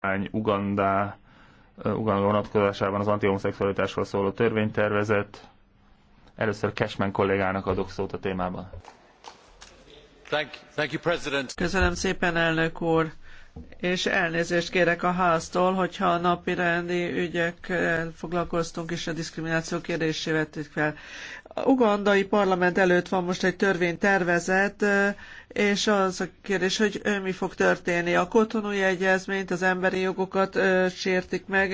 kormány Ugandá, Uganda vonatkozásában az antihomoszexualitásról szóló törvénytervezet. Először Cashman kollégának adok szót a témában. Thank, thank you, President. Köszönöm szépen, elnök úr. És elnézést kérek a háztól, hogyha a napi rendi ügyekkel foglalkoztunk és a diszkrimináció kérdését vettük fel ugandai parlament előtt van most egy törvénytervezet, és az a kérdés, hogy mi fog történni. A kotonúi egyezményt, az emberi jogokat sértik meg,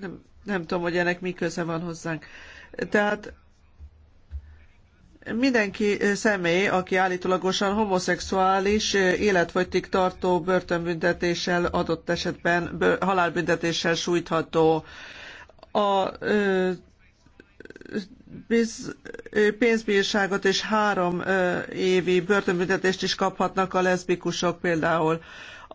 nem, nem tudom, hogy ennek mi köze van hozzánk. Tehát mindenki személy, aki állítólagosan homoszexuális, életfogytig tartó börtönbüntetéssel, adott esetben halálbüntetéssel sújtható. A ö, biz, pénzbírságot és három évi börtönbüntetést is kaphatnak a leszbikusok például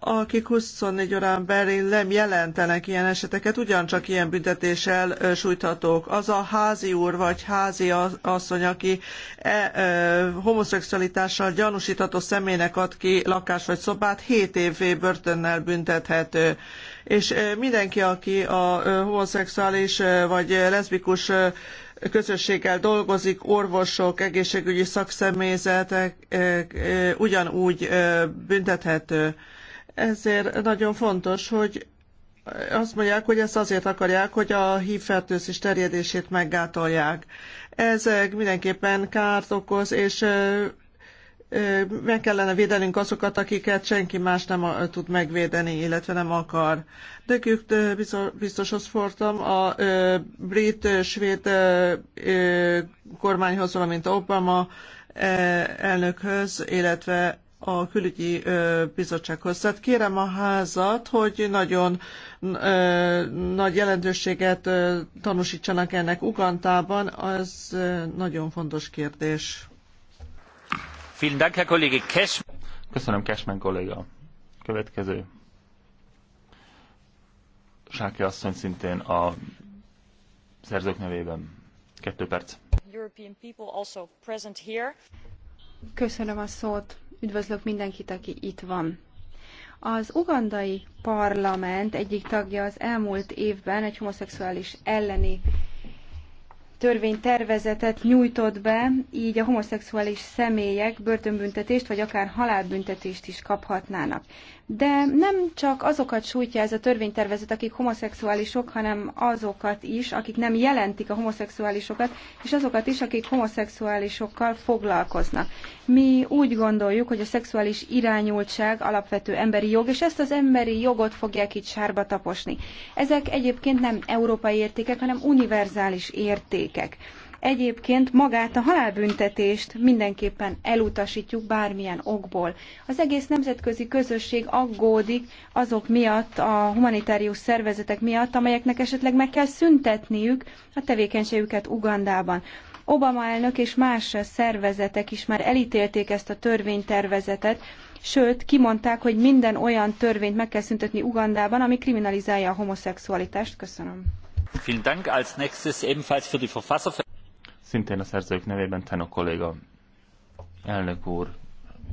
akik 24 órán belül nem jelentenek ilyen eseteket, ugyancsak ilyen büntetéssel sújthatók. Az a házi úr vagy házi asszony, aki e, e, homoszexualitással gyanúsítható személynek ad ki lakást vagy szobát, 7 év börtönnel büntethető és mindenki, aki a homoszexuális vagy leszbikus közösséggel dolgozik, orvosok, egészségügyi szakszemélyzetek ugyanúgy büntethető. Ezért nagyon fontos, hogy azt mondják, hogy ezt azért akarják, hogy a fertőzés terjedését meggátolják. Ez mindenképpen kárt okoz, és meg kellene védenünk azokat, akiket senki más nem tud megvédeni, illetve nem akar. De biztoshoz fordultam a brit-svéd kormányhoz, valamint Obama elnökhöz, illetve a külügyi bizottsághoz. Tehát kérem a házat, hogy nagyon nagy jelentőséget tanúsítsanak ennek Ugantában, az nagyon fontos kérdés. Köszönöm, Cashman kolléga. Következő. Sáki asszony szintén a szerzők nevében. Kettő perc. Köszönöm a szót. Üdvözlök mindenkit, aki itt van. Az ugandai parlament egyik tagja az elmúlt évben egy homoszexuális elleni törvénytervezetet nyújtott be, így a homoszexuális személyek börtönbüntetést vagy akár halálbüntetést is kaphatnának de nem csak azokat sújtja ez a törvénytervezet, akik homoszexuálisok, hanem azokat is, akik nem jelentik a homoszexuálisokat, és azokat is, akik homoszexuálisokkal foglalkoznak. Mi úgy gondoljuk, hogy a szexuális irányultság alapvető emberi jog, és ezt az emberi jogot fogják itt sárba taposni. Ezek egyébként nem európai értékek, hanem univerzális értékek. Egyébként magát a halálbüntetést mindenképpen elutasítjuk bármilyen okból. Az egész nemzetközi közösség aggódik azok miatt, a humanitárius szervezetek miatt, amelyeknek esetleg meg kell szüntetniük a tevékenységüket Ugandában. Obama elnök és más szervezetek is már elítélték ezt a törvénytervezetet, sőt, kimondták, hogy minden olyan törvényt meg kell szüntetni Ugandában, ami kriminalizálja a homoszexualitást. Köszönöm. Vielen Dank. Als nächstes ebenfalls für die Verfasser Szintén a szerzők nevében Teno kolléga. Elnök úr,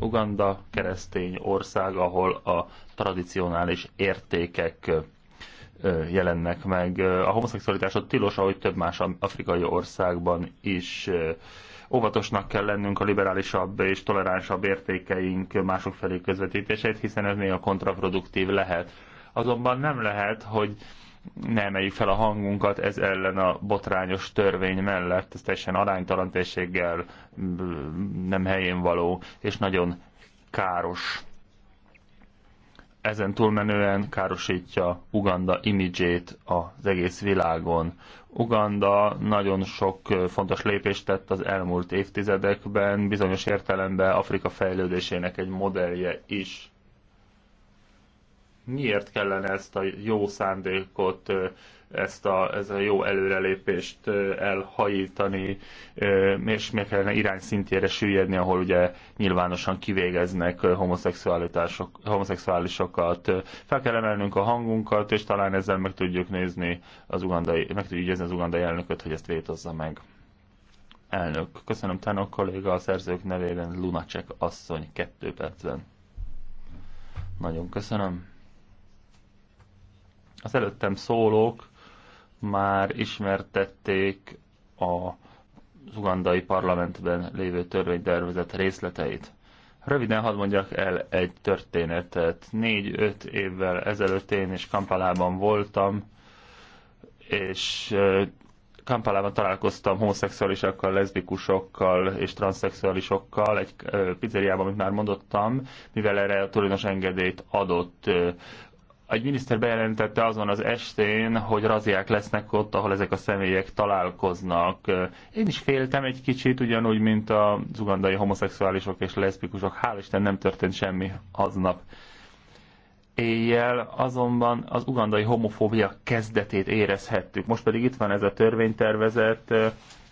Uganda keresztény ország, ahol a tradicionális értékek jelennek meg. A ott tilos, ahogy több más afrikai országban is. Óvatosnak kell lennünk a liberálisabb és toleránsabb értékeink mások felé közvetítését, hiszen ez néha kontraproduktív lehet. Azonban nem lehet, hogy ne emeljük fel a hangunkat ez ellen a botrányos törvény mellett, ez teljesen aránytalan térséggel mm, nem helyén való, és nagyon káros. Ezen túlmenően károsítja Uganda imidzsét az egész világon. Uganda nagyon sok fontos lépést tett az elmúlt évtizedekben, bizonyos értelemben Afrika fejlődésének egy modellje is miért kellene ezt a jó szándékot, ezt a, ez a jó előrelépést elhajítani, és miért kellene irány szintjére süllyedni, ahol ugye nyilvánosan kivégeznek homoszexuálisokat. Fel kell emelnünk a hangunkat, és talán ezzel meg tudjuk nézni az ugandai, meg tudjuk az ugandai elnököt, hogy ezt vétozza meg. Elnök. Köszönöm a kolléga, a szerzők nevében Lunacek asszony kettő percben. Nagyon köszönöm. Az előttem szólók már ismertették a ugandai parlamentben lévő törvénytervezet részleteit. Röviden hadd mondjak el egy történetet. Négy-öt évvel ezelőtt én is Kampalában voltam, és Kampalában találkoztam homoszexuálisokkal, leszbikusokkal és transzexuálisokkal egy pizzeriában, amit már mondottam, mivel erre a tulajdonos engedélyt adott egy miniszter bejelentette azon az estén, hogy raziák lesznek ott, ahol ezek a személyek találkoznak. Én is féltem egy kicsit, ugyanúgy, mint a ugandai homoszexuálisok és leszbikusok. Hál' Isten nem történt semmi aznap éjjel azonban az ugandai homofóbia kezdetét érezhettük. Most pedig itt van ez a törvénytervezet,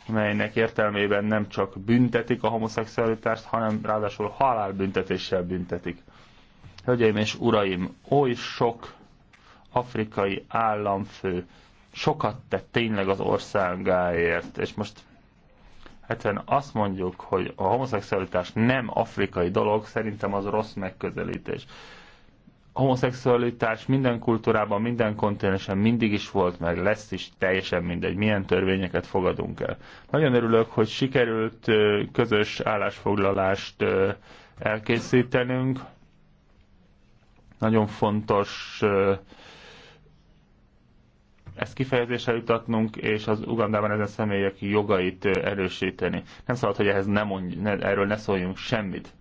melynek értelmében nem csak büntetik a homoszexualitást, hanem ráadásul halálbüntetéssel büntetik. Hölgyeim és uraim, oly sok afrikai államfő sokat tett tényleg az országáért, és most egyszerűen azt mondjuk, hogy a homoszexualitás nem afrikai dolog, szerintem az rossz megközelítés. A homoszexualitás minden kultúrában, minden kontinensen mindig is volt, meg lesz is, teljesen mindegy, milyen törvényeket fogadunk el. Nagyon örülök, hogy sikerült közös állásfoglalást elkészítenünk, nagyon fontos ezt kifejezésre jutatnunk, és az Ugandában ezen személyek jogait erősíteni. Nem szabad, hogy ehhez ne mondj, ne, erről ne szóljunk semmit.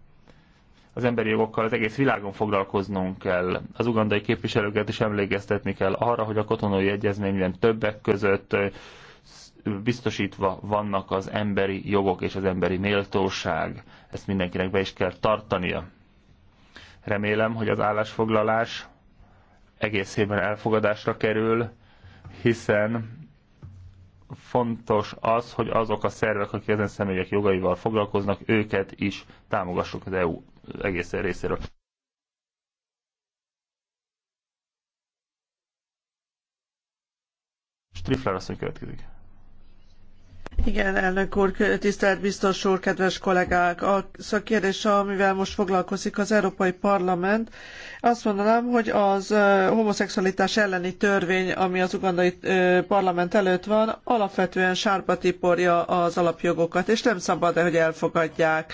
Az emberi jogokkal az egész világon foglalkoznunk kell. Az ugandai képviselőket is emlékeztetni kell arra, hogy a katonai egyezményben többek között biztosítva vannak az emberi jogok és az emberi méltóság. Ezt mindenkinek be is kell tartania. Remélem, hogy az állásfoglalás egészében elfogadásra kerül, hiszen fontos az, hogy azok a szervek, akik ezen személyek jogaival foglalkoznak, őket is támogassuk az EU egész részéről. Strifler asszony következik. Igen, elnök úr, tisztelt biztos úr, kedves kollégák! a kérdés, amivel most foglalkozik az Európai Parlament, azt mondanám, hogy az homoszexualitás elleni törvény, ami az ugandai parlament előtt van, alapvetően sárba tiporja az alapjogokat, és nem szabad, hogy elfogadják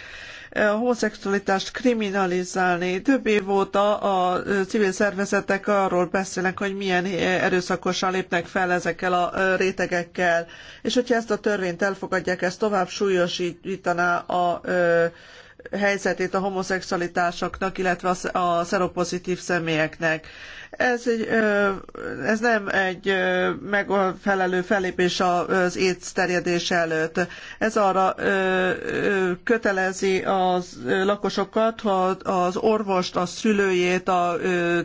a homoszexualitást kriminalizálni. Több év óta a civil szervezetek arról beszélnek, hogy milyen erőszakosan lépnek fel ezekkel a rétegekkel. És hogyha ezt a törvényt elfogadják, ez tovább súlyosítaná a helyzetét a homoszexualitásoknak, illetve a szeropozitív személyeknek. Ez, egy, ez nem egy megfelelő fellépés az AIDS terjedés előtt. Ez arra kötelezi a lakosokat, ha az orvost, a szülőjét, a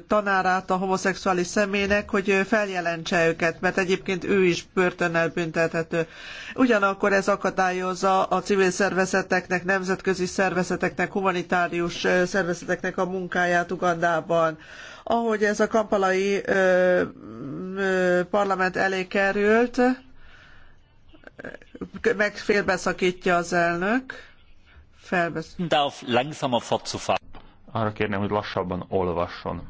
tanárát a homoszexuális személynek, hogy feljelentse őket, mert egyébként ő is börtönnel büntethető. Ugyanakkor ez akadályozza a civil szervezeteknek, nemzetközi szervezeteknek, humanitárius szervezeteknek a munkáját Ugandában ahogy ez a kampalai ö, ö, parlament elé került, meg félbeszakítja az elnök. Felbesz... Arra kérném, hogy lassabban olvasson.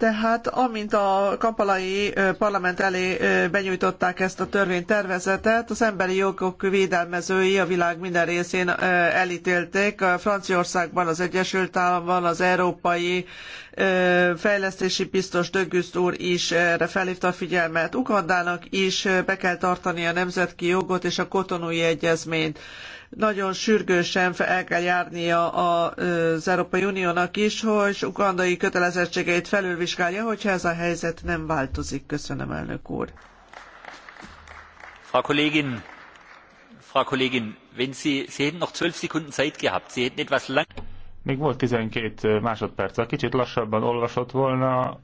Tehát amint a kampalai parlament elé benyújtották ezt a törvénytervezetet, az emberi jogok védelmezői a világ minden részén elítélték. Franciaországban, az Egyesült Államban, az Európai fejlesztési biztos Dögüszt úr is erre felhívta a figyelmet. Ugandának is be kell tartani a nemzetki jogot és a kotonói egyezményt nagyon sürgősen el kell járnia az Európai Uniónak is, hogy ugandai kötelezettségeit felülvizsgálja, hogyha ez a helyzet nem változik. Köszönöm, elnök úr. Frau Kollegin, Frau Kollegin, wenn Sie, Sie hätten noch zwölf Sekunden Zeit gehabt, Sie hätten etwas lang... Még volt 12 másodperc, ha kicsit lassabban olvasott volna,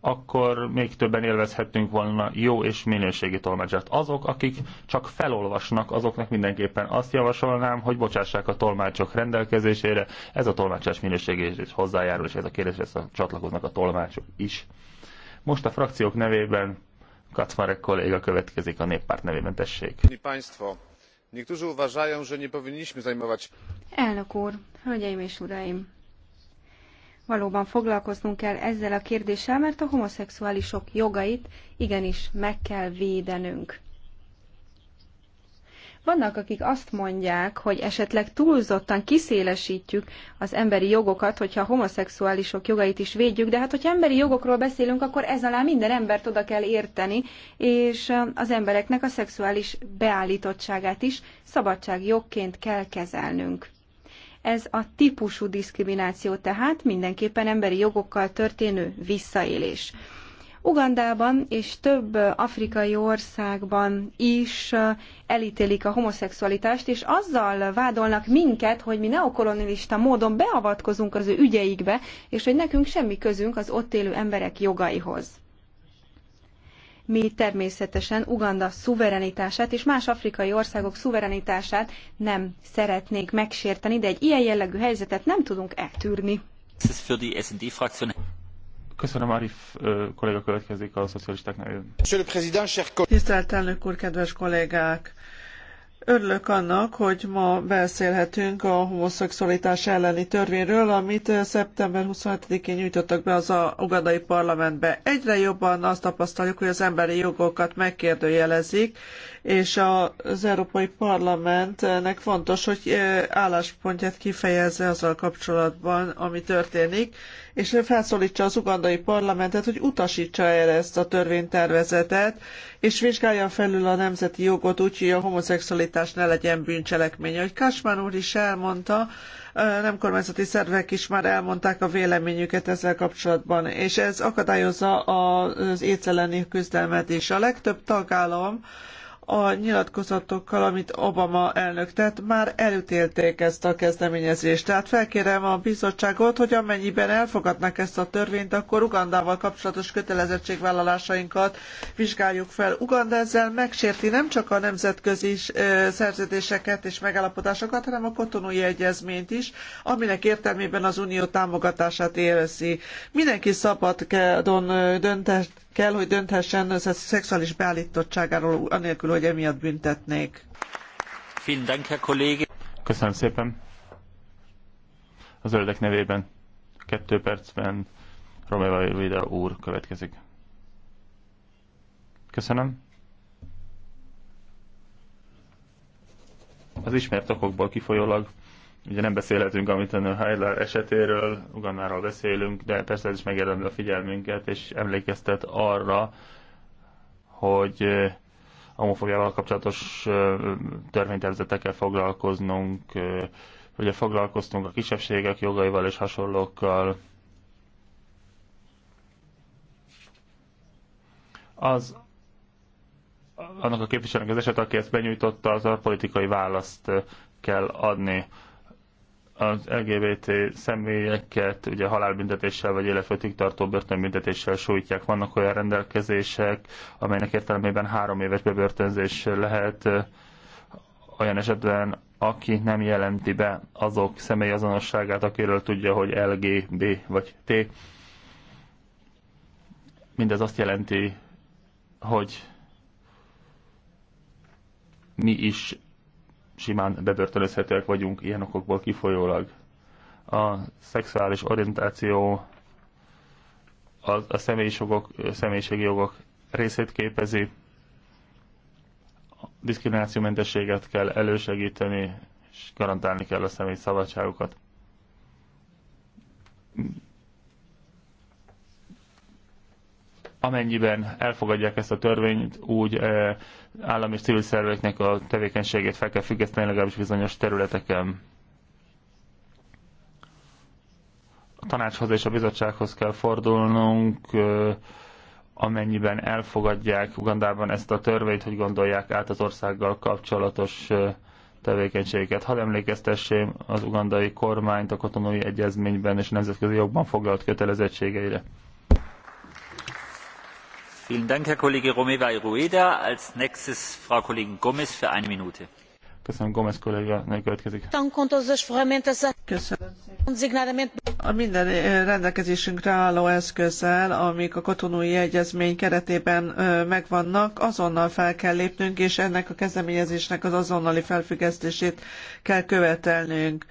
akkor még többen élvezhettünk volna jó és minőségi tolmácsát. Azok, akik csak felolvasnak, azoknak mindenképpen azt javasolnám, hogy bocsássák a tolmácsok rendelkezésére. Ez a tolmácsás minőségéhez is hozzájárul, és ez a kérdéshez csatlakoznak a tolmácsok is. Most a frakciók nevében Kacmarek kolléga következik a néppárt nevében, tessék. Pánisztva Niektórzy uważają, że nie powinniśmy zajmować... Elnök úr, hölgyeim és uraim! Valóban foglalkoznunk kell ezzel a kérdéssel, mert a homoszexuálisok jogait igenis meg kell védenünk. Vannak, akik azt mondják, hogy esetleg túlzottan kiszélesítjük az emberi jogokat, hogyha a homoszexuálisok jogait is védjük, de hát, hogyha emberi jogokról beszélünk, akkor ez alá minden embert oda kell érteni, és az embereknek a szexuális beállítottságát is szabadságjogként kell kezelnünk. Ez a típusú diszkrimináció tehát mindenképpen emberi jogokkal történő visszaélés. Ugandában és több afrikai országban is elítélik a homoszexualitást, és azzal vádolnak minket, hogy mi neokolonialista módon beavatkozunk az ő ügyeikbe, és hogy nekünk semmi közünk az ott élő emberek jogaihoz. Mi természetesen Uganda szuverenitását és más afrikai országok szuverenitását nem szeretnék megsérteni, de egy ilyen jellegű helyzetet nem tudunk eltűrni. Köszönöm, Arif kolléga következik a szocialisták nevében. Tisztelt elnök úr, kedves kollégák! Örülök annak, hogy ma beszélhetünk a homoszexualitás elleni törvényről, amit szeptember 27-én nyújtottak be az ugandai parlamentbe. Egyre jobban azt tapasztaljuk, hogy az emberi jogokat megkérdőjelezik, és az Európai Parlamentnek fontos, hogy álláspontját kifejezze azzal kapcsolatban, ami történik, és felszólítsa az ugandai parlamentet, hogy utasítsa el ezt a törvénytervezetet, és vizsgálja felül a nemzeti jogot úgy, hogy a homoszexualitás ne legyen bűncselekmény. Ahogy Kasmán úr is elmondta, nem kormányzati szervek is már elmondták a véleményüket ezzel kapcsolatban, és ez akadályozza az éceleni küzdelmet is. A legtöbb tagállam a nyilatkozatokkal, amit Obama elnök tett, már elütélték ezt a kezdeményezést. Tehát felkérem a bizottságot, hogy amennyiben elfogadnak ezt a törvényt, akkor Ugandával kapcsolatos kötelezettségvállalásainkat vizsgáljuk fel. Uganda ezzel megsérti nem csak a nemzetközi szerződéseket és megállapodásokat, hanem a kotonói egyezményt is, aminek értelmében az unió támogatását élvezi. Mindenki szabadon dönthet kell, hogy dönthessen a szexuális beállítottságáról, anélkül, hogy emiatt büntetnék. Köszönöm szépen. Az öldek nevében kettő percben Romeva Vida úr következik. Köszönöm. Az ismert okokból kifolyólag Ugye nem beszélhetünk amit a Heidler esetéről, Ugandáról beszélünk, de persze ez is megérdemli a figyelmünket, és emlékeztet arra, hogy homofóbiával kapcsolatos törvénytervezetekkel foglalkoznunk, ugye foglalkoztunk a kisebbségek jogaival és hasonlókkal. Az annak a képviselőnek az eset, aki ezt benyújtotta, az a politikai választ kell adni az LGBT személyeket ugye halálbüntetéssel vagy életfőtig tartó börtönbüntetéssel sújtják. Vannak olyan rendelkezések, amelynek értelmében három éves bebörtönzés lehet olyan esetben, aki nem jelenti be azok személyazonosságát, akiről tudja, hogy LGB vagy T. Mindez azt jelenti, hogy mi is simán bebörtönözhetőek vagyunk ilyen okokból kifolyólag. A szexuális orientáció a, a személyis személyiségi jogok részét képezi, a diszkriminációmentességet kell elősegíteni, és garantálni kell a személy szabadságokat amennyiben elfogadják ezt a törvényt, úgy eh, állami és civil szerveknek a tevékenységét fel kell függeszteni legalábbis bizonyos területeken. A tanácshoz és a bizottsághoz kell fordulnunk, eh, amennyiben elfogadják Ugandában ezt a törvényt, hogy gondolják át az országgal kapcsolatos eh, tevékenységeket. Hadd emlékeztessém az ugandai kormányt a katonai egyezményben és nemzetközi jogban foglalt kötelezettségeire. Köszönöm, Gomez A minden eh, rendelkezésünkre álló eszközzel, amik a katonai egyezmény keretében eh, megvannak, azonnal fel kell lépnünk, és ennek a kezdeményezésnek az azonnali felfüggesztését kell követelnünk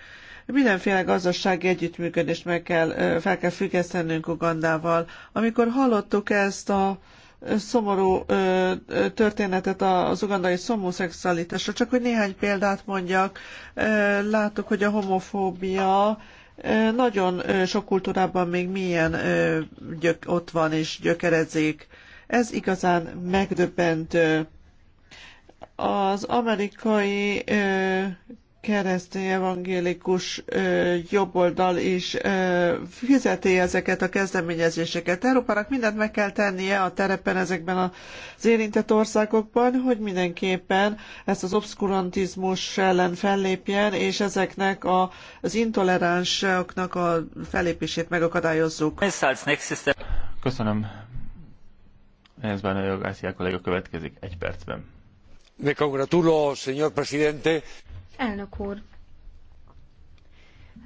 mindenféle gazdasági együttműködést meg kell, eh, fel kell függesztenünk Ugandával. Amikor hallottuk ezt a szomorú történetet az ugandai szomoszexualitásra. Csak hogy néhány példát mondjak, láttuk, hogy a homofóbia nagyon sok kultúrában még milyen gyök, ott van és gyökerezik. Ez igazán megdöbbentő. Az amerikai keresztény evangélikus ö, jobboldal is ö, fizeti ezeket a kezdeményezéseket. Európának mindent meg kell tennie a terepen ezekben az érintett országokban, hogy mindenképpen ezt az obszkurantizmus ellen fellépjen, és ezeknek a, az intoleránsoknak a fellépését megakadályozzuk. Köszönöm. Ez benne a jogászia a következik egy percben. Me congratulo, señor presidente. Elnök úr,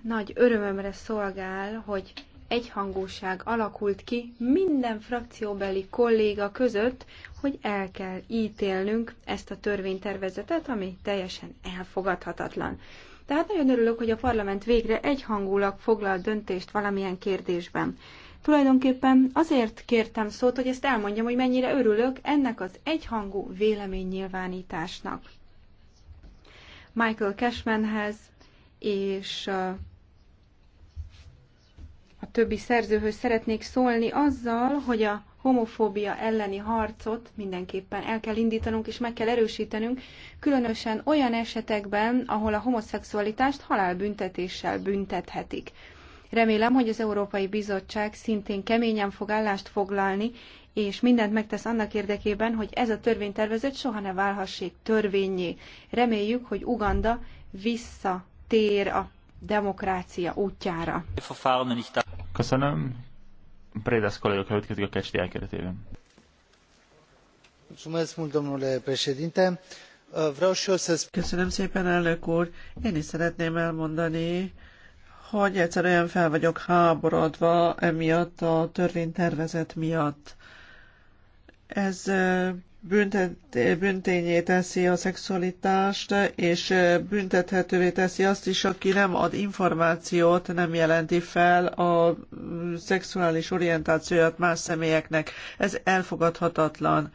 nagy örömömre szolgál, hogy egyhangúság alakult ki minden frakcióbeli kolléga között, hogy el kell ítélnünk ezt a törvénytervezetet, ami teljesen elfogadhatatlan. Tehát nagyon örülök, hogy a parlament végre egyhangulag foglal döntést valamilyen kérdésben. Tulajdonképpen azért kértem szót, hogy ezt elmondjam, hogy mennyire örülök ennek az egyhangú véleménynyilvánításnak. Michael Cashmanhez és a többi szerzőhöz szeretnék szólni azzal, hogy a homofóbia elleni harcot mindenképpen el kell indítanunk és meg kell erősítenünk, különösen olyan esetekben, ahol a homoszexualitást halálbüntetéssel büntethetik. Remélem, hogy az Európai Bizottság szintén keményen fog állást foglalni, és mindent megtesz annak érdekében, hogy ez a törvénytervezet soha ne válhassék törvényé. Reméljük, hogy Uganda visszatér a demokrácia útjára. Köszönöm. Prédász kolléga következik a Kecsdi elkeretében. Köszönöm szépen, elnök úr. Én is szeretném elmondani, hogy egyszerűen fel vagyok háborodva emiatt a törvénytervezet miatt. Ez büntényé teszi a szexualitást, és büntethetővé teszi azt is, aki nem ad információt, nem jelenti fel a szexuális orientációját más személyeknek. Ez elfogadhatatlan.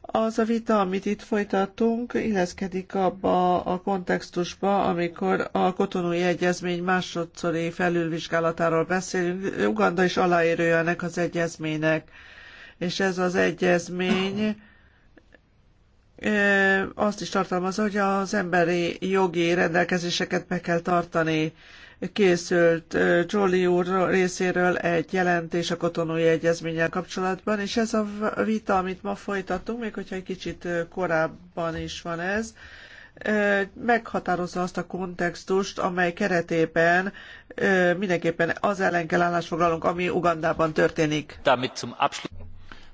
Az a vita, amit itt folytatunk, illeszkedik abba a kontextusba, amikor a kotonói egyezmény másodszori felülvizsgálatáról beszélünk. Uganda is aláírója ennek az egyezménynek és ez az egyezmény eh, azt is tartalmazza, hogy az emberi jogi rendelkezéseket be kell tartani. Készült eh, Jolly úr részéről egy jelentés a kotonói egyezménnyel kapcsolatban, és ez a vita, amit ma folytatunk, még hogyha egy kicsit eh, korábban is van ez, meghatározza azt a kontextust, amely keretében mindenképpen az ellen kell állásfoglalunk, ami Ugandában történik.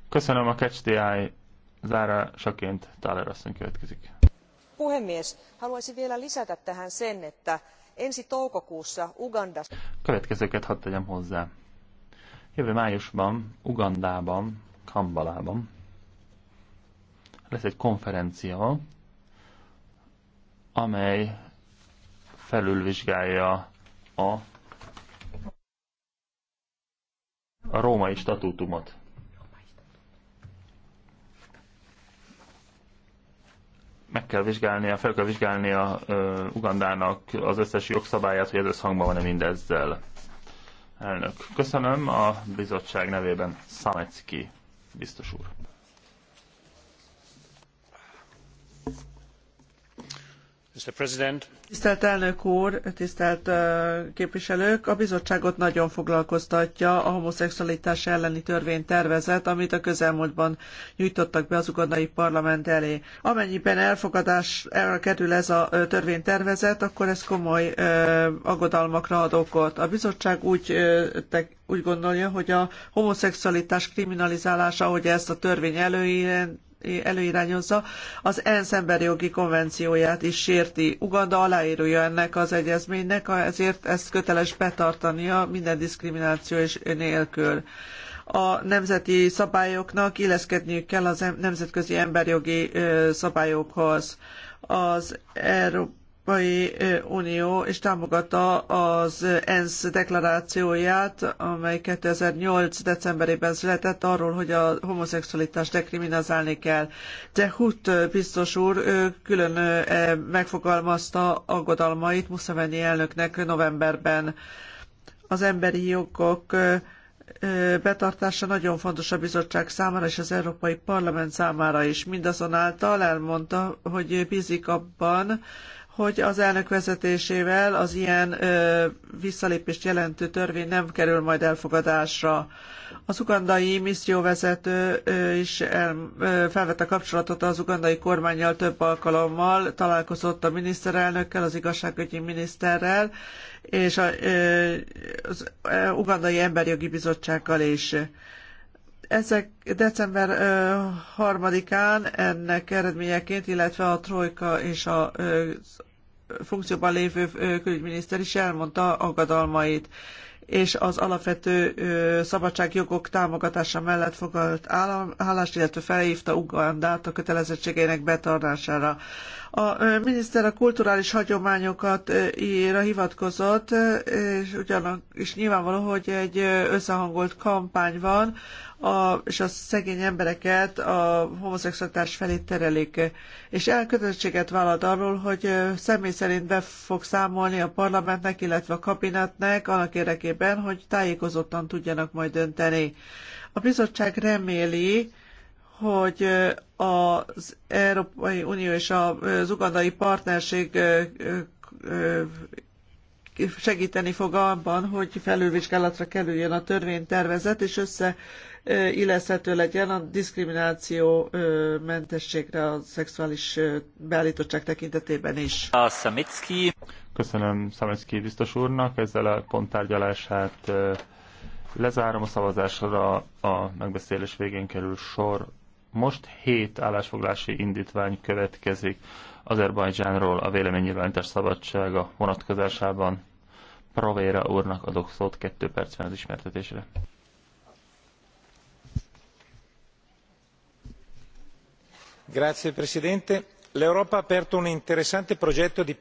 Köszönöm a KCTI zárásaként. Tyler asszony következik. Puhemies, haluaisin vielä lisätä tähän sen, että ensi toukokuussa Ugandassa... Következőket hadd tegyem hozzá. Jövő májusban, Ugandában, Kambalában lesz egy konferencia, amely felülvizsgálja a, a római statútumot. meg kell vizsgálnia, fel kell vizsgálnia uh, Ugandának az összes jogszabályát, hogy ez összhangban van-e mindezzel. Elnök. Köszönöm a bizottság nevében Szamecki biztos úr. Tisztelt elnök úr, tisztelt képviselők! A bizottságot nagyon foglalkoztatja a homoszexualitás elleni törvénytervezet, amit a közelmúltban nyújtottak be az ugandai parlament elé. Amennyiben elfogadásra kerül ez a törvénytervezet, akkor ez komoly aggodalmakra ad okot. A bizottság úgy, úgy gondolja, hogy a homoszexualitás kriminalizálása, ahogy ezt a törvény előírja, előirányozza, az ENSZ emberi jogi konvencióját is sérti. Uganda aláírója ennek az egyezménynek, ezért ezt köteles betartania minden diszkrimináció és nélkül a nemzeti szabályoknak illeszkedniük kell az nemzetközi emberjogi szabályokhoz. Az Európai Európai Unió és támogatta az ENSZ deklarációját, amely 2008. decemberében született arról, hogy a homoszexualitást dekriminalizálni kell. De Hut biztos úr külön e, megfogalmazta aggodalmait Museveni elnöknek novemberben. Az emberi jogok betartása nagyon fontos a bizottság számára és az Európai Parlament számára is. Mindazonáltal elmondta, hogy bízik abban, hogy az elnök vezetésével az ilyen ö, visszalépést jelentő törvény nem kerül majd elfogadásra. Az ugandai misszióvezető ö, is el, ö, felvette kapcsolatot az ugandai kormányjal több alkalommal, találkozott a miniszterelnökkel, az igazságügyi miniszterrel, és a, ö, az Ugandai Emberjogi Bizottsággal is ezek december 3-án ennek eredményeként, illetve a Trojka és a funkcióban lévő külügyminiszter is elmondta aggodalmait és az alapvető szabadságjogok támogatása mellett foglalt állást, illetve felhívta Ugandát a kötelezettségeinek betartására. A miniszter a kulturális hagyományokat íra hivatkozott, és ugyanak is nyilvánvaló, hogy egy összehangolt kampány van, a, és a szegény embereket a homoszexualitás felé terelik. És elkötelezettséget vállalt arról, hogy személy szerint be fog számolni a parlamentnek, illetve a kabinetnek annak érdekében, hogy tájékozottan tudjanak majd dönteni. A bizottság reméli, hogy az Európai Unió és az ugandai partnerség segíteni fog abban, hogy felülvizsgálatra kerüljön a törvénytervezet, és összeilleszthető legyen a diszkrimináció mentességre a szexuális beállítottság tekintetében is. A Szemicki. Köszönöm Szemicki biztos úrnak, ezzel a ponttárgyalását lezárom a szavazásra, a megbeszélés végén kerül sor most hét állásfoglási indítvány következik Azerbajdzsánról a véleménynyilvánítás szabadsága vonatkozásában. Provéra úrnak adok szót kettő percben az ismertetésre. Grazie Presidente. L'Europa ha aperto un interessante progetto di